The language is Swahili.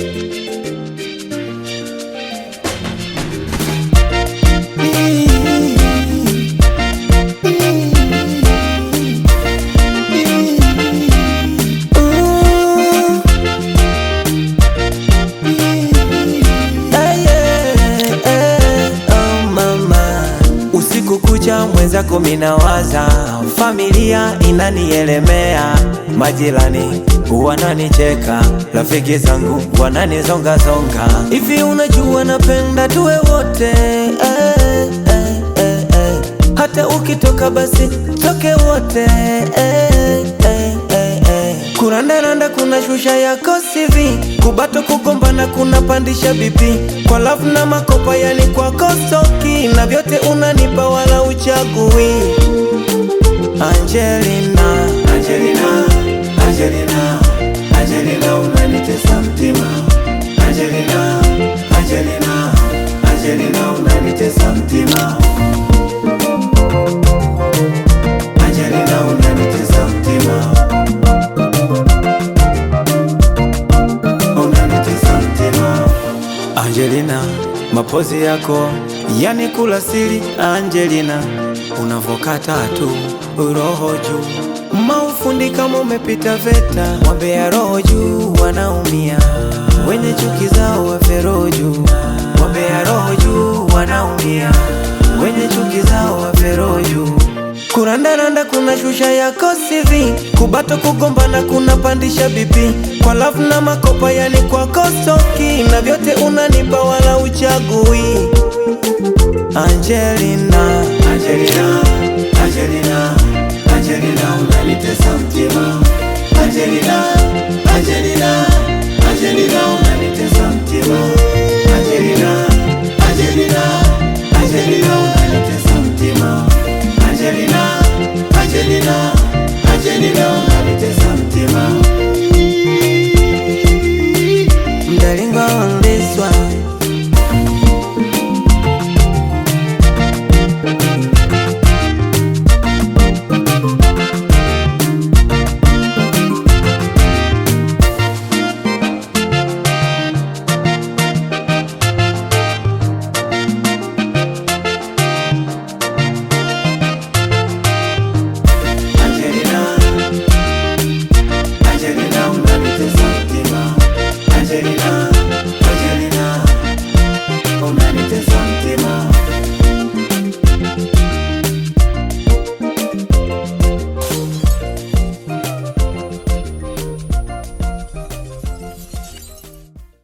Thank you. wenzako minawaza, familia inanielemea, majirani wananicheka, rafiki zangu wananizongazonga. Hivi unajua napenda tuwe wote eh, eh, eh, eh. Hata ukitoka basi toke wote eh na shusha yako CV, kubato kugombana kuna pandisha BP, kwa love na makopa yani kwa kosoki, na vyote unanipa wala uchagui. Angelina, Angelina, Angelina, Angelina unanitesa mtima. Angelina, Angelina, Angelina unanitesa mtima. Angelina, mapozi yako yani kula siri. Angelina, unavokata tu roho juu, maufundi kama umepita VETA. Mwambe ya roho juu, wanaumia wenye chuki zao wafe roho juu. Mwambe ya roho juu, wanaumia wenye chuki zao wafe roho juu. Kurandaranda kuna shusha yako CV, kubato kugombana kuna pandisha bibi kwa love na makopa yani kwa stoki, na vyote unanipa wala uchagui. Angelina, Angelina, Angelina, Angelina unanitesa mtima. Angelina, Angelina, Angelina unanitesa mtima. Angelina, Angelina, Angelina unanitesa mtima. Angelina, Angelina